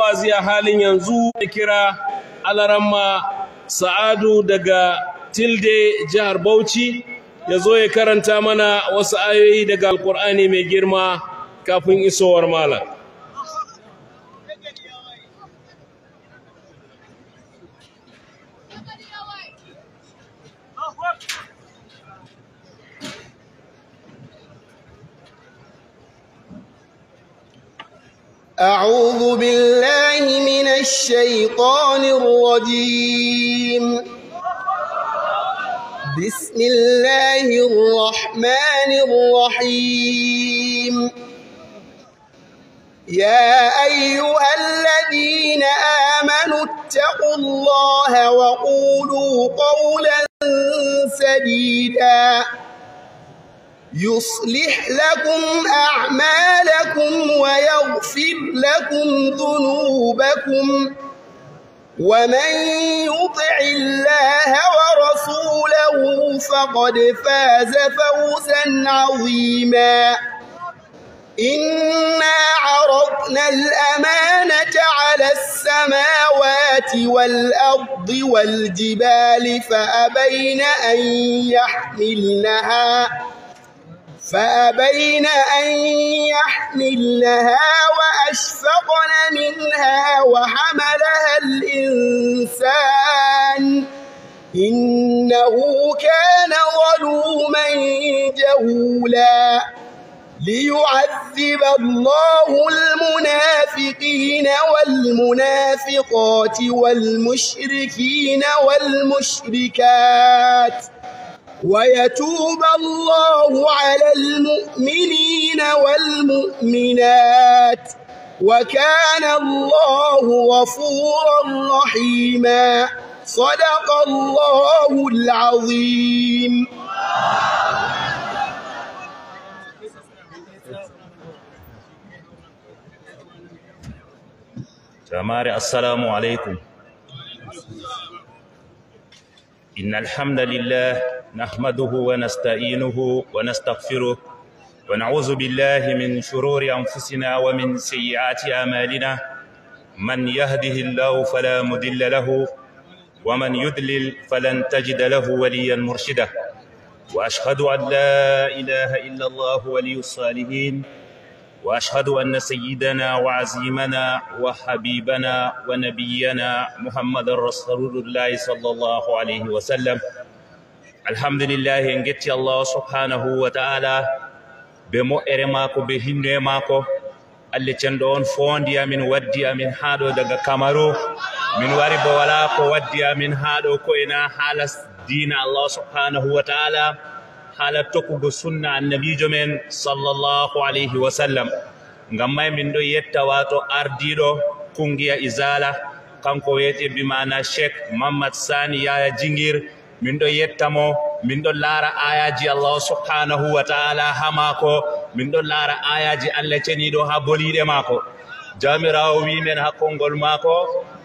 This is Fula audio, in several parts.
wazi a halin yanzu da kira alaramma sa'adu daga tilde jihar bauchi ya zo ya karanta mana wasu ayoyi daga alkur'ani mai girma kafin isowar malam أعوذ بالله من الشيطان الرجيم بسم الله الرحمن الرحيم يا أيها الذين آمنوا اتقوا الله وقولوا قولا سديدا يصلح لكم أعمالكم ويغفر لكم ذنوبكم ومن يطع الله ورسوله فقد فاز فوزا عظيما إنا عرضنا الأمانة على السماوات والأرض والجبال فأبين أن يحملنها فأبين أن يحملنها وأشفقن منها وحملها الإنسان إنه كان ظلوما جهولا ليعذب الله المنافقين والمنافقات والمشركين والمشركات ويتوب الله على المؤمنين والمؤمنات وكان الله غفورا رحيما صدق الله العظيم جماعة السلام عليكم إن الحمد لله نحمده ونستعينه ونستغفره ونعوذ بالله من شرور أنفسنا ومن سيئات أمالنا من يهده الله فلا مدل له ومن يدلل فلن تجد له وليا مرشدا وأشهد أن لا إله إلا الله ولي الصالحين وأشهد أن سيدنا وعزيمنا وحبيبنا ونبينا محمد رسول الله صلى الله عليه وسلم الحمد لله إن جت الله سبحانه وتعالى بمؤر ماكو بهن ماكو اللي تندون فون دي من ودي من هادو دغا كامارو من وارب ولاكو ودي من هادو كوينا حالس دين الله سبحانه وتعالى haala tokkugo sunna annabijo men sallllahu alayhi wa sallam ngam may min ɗo yetta wato ardiɗo kungiya isala kanko wiyete bimana cheikh mahammad sani yaya jingir min ɗo yetta mo min ɗo laara ayaji allahu subhanahu wa taala ha maako min ɗo laara ayaji allah ceniɗo ha boliɗe maako jamirawo wimen hakkongol maako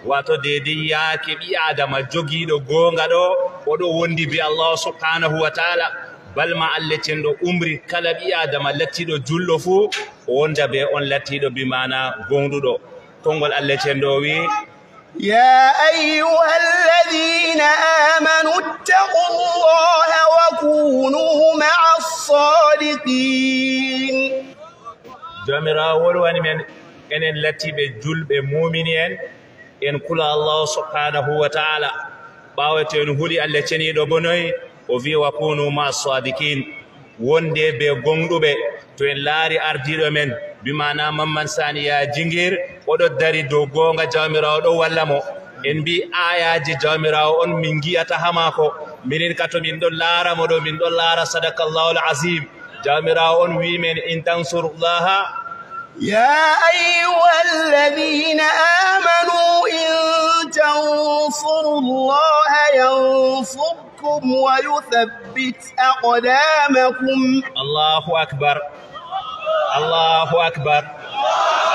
wato dedei yaake ɓi adama jogiɗo gonga ɗo oɗo wondi bi allahu subhanahu wa taala bal ma allah cenɗo umri kala ɓi adama lattiɗo julɗo fuu wonda be on lattiɗo bimana gonduɗo kongol allah cenɗo o wi ya ayuha alladina amanu ittaqu llaha wa kunu maa assadiqin jomirawo wolwani men enen lattiɓe julɓe mumini en en kula allahu subhanahu wa taala ɓawete en huuli allah ceniɗo bonoye o wi wa kunuma sadikin wonde be gonɗuɓe to en laari ardiɗo men mbimana mamman sani ya jinguir oɗo dari dow gonga jawmirawo ɗo walla mo en mbi ayaji jawmirawo on min giyata ha mako minin ka to min ɗon laara mo ɗo min ɗon laara sadaka llahu l asim jawmirawo on wimen in tansur llaha ya ayuha alladina amanu in tansuru llaha yansurk yahdikum wa yuthabbit aqdamakum allahu akbar allahu akbar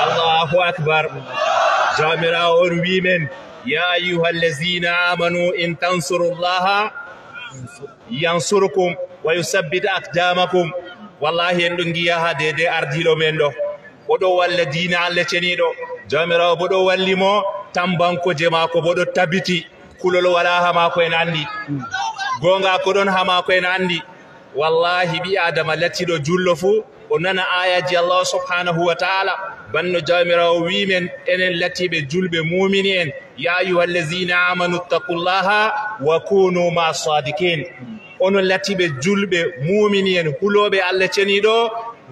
allahu akbar jamirawo on wimen ya ayuha allazina amanu in tansuru llaha yansurukum wa yusabbit aqdamakum wallahi en ɗo giya ha dede ardilo men ɗo oɗo walla dina allah ceniɗo jamirawo boɗo wallimo tambankoje mako boɗo tabiti kulol wala ha mako en andi gonga ko ɗon hamako en andi wallahi ɓi adama lattiɗo jullo fuu o nana ayaji allahu subhanahu wa taala banno jawmirawo wimen enen lattiɓe julɓe mumini en ya ayuha allazina amanu ttaqullaha wa kunu ma sadikin onon lattiɓe julɓe mumini en huloɓe allah ceniɗo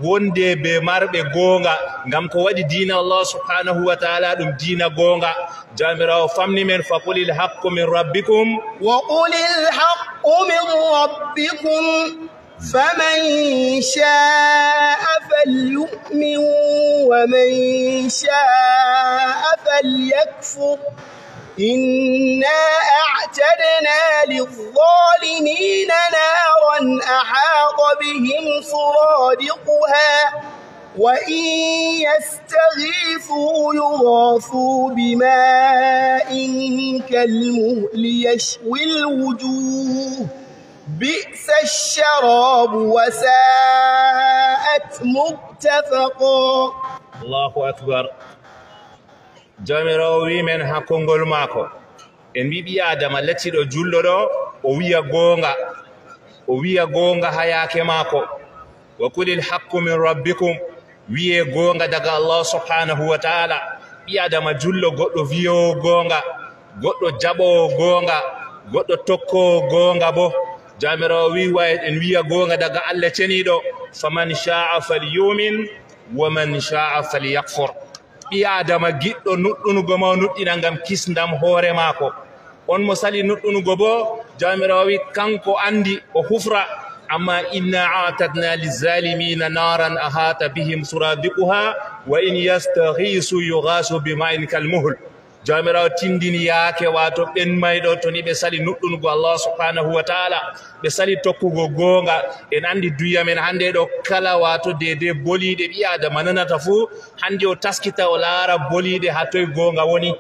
wonde be marbe gonga ngam ko wadi dina allah subhanahu wa taala dum dina gonga jamirawo famni men faqulil haqqu min rabbikum wa qulil haqqu min rabbikum فمن شاء فليؤمن ومن شاء فليكفر إنا أعتدنا للظالمين نارا أحاط بهم صراطها خالقها وإن يستغيثوا يغاثوا بماء كالمهل يشوي الوجوه بئس الشراب وساءت متفقا الله أكبر جامعه ويمن هاكون غلماكو ان بيبي ادم التي رجل رو ويا غونغا ويا غونغا هياكي ماكو wa kulil haqqu min rabbikum wiye gonga daga allah subhanahu wa taala ɓi adama jullo goɗɗo wiyowo gonga goɗɗo jaɓowo gonga goɗɗo tokkowo gonga bo jamirawo wi wawit en wiya gonga daga allah ceniɗo faman sha'a falyumin wa man sha'a falyakfor ɓi adama giɗɗo nuɗɗunugo ma nuɗɗina gam kisdam hoore maako on mo sali nuɗɗunugo bo jamirawo wi kanko andi o hufra amma inna atadna lizalimina naran ahata bihim suradiquha wa in yastahisu yugasu bimain kalmuhl jamirawo tindini yaake wato ɓen mayɗo to ni ɓe sali nuɗɗungo allah subhanahu wa taala ɓe sali tokkugo goonga en andi duya men hande ɗo kala wato dede boliɗe ɓi adama nanata fuu hande o taskita o laara boliɗe ha toye goonga woni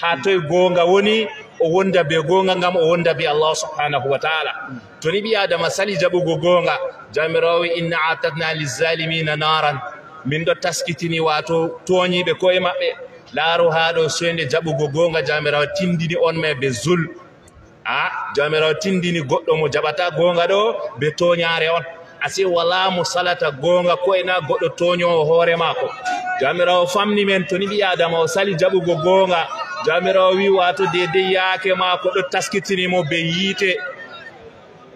ha toye goonga woni o wonda be gonga ngam o wonda be allahu subhanahu wa taala to ni ɓi adama sali jaɓugo gonga jamirawi inna atadna lizalimina naran min ɗo taskitini wato toñiɓe koye maɓɓe laaru ha ɗo soyde jaɓugo gonga jamirawa tindini on ma be zul a jamirawa tindini goɗɗo mo jaɓata gonga ɗo be toñare on asi wala mo salata gonga koyena goɗɗo toñowo hoore maako jamirawo famni men to ni ɓi adama o sali jaɓugo gonga jamirawo wi wato dedey yaake ma ko ɗo taskitinimo be yiite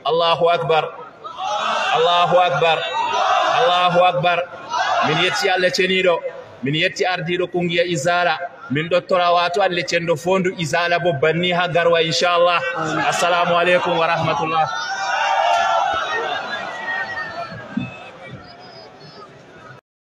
allahu akbar allahu akbar allahu akbar min yetti allah ceniɗo min yetti ardiɗo kungiya isala min ɗottora wato allah cendo fondu isala bo banni ha garwa inchallah assalamu aleykum wa rahmatullah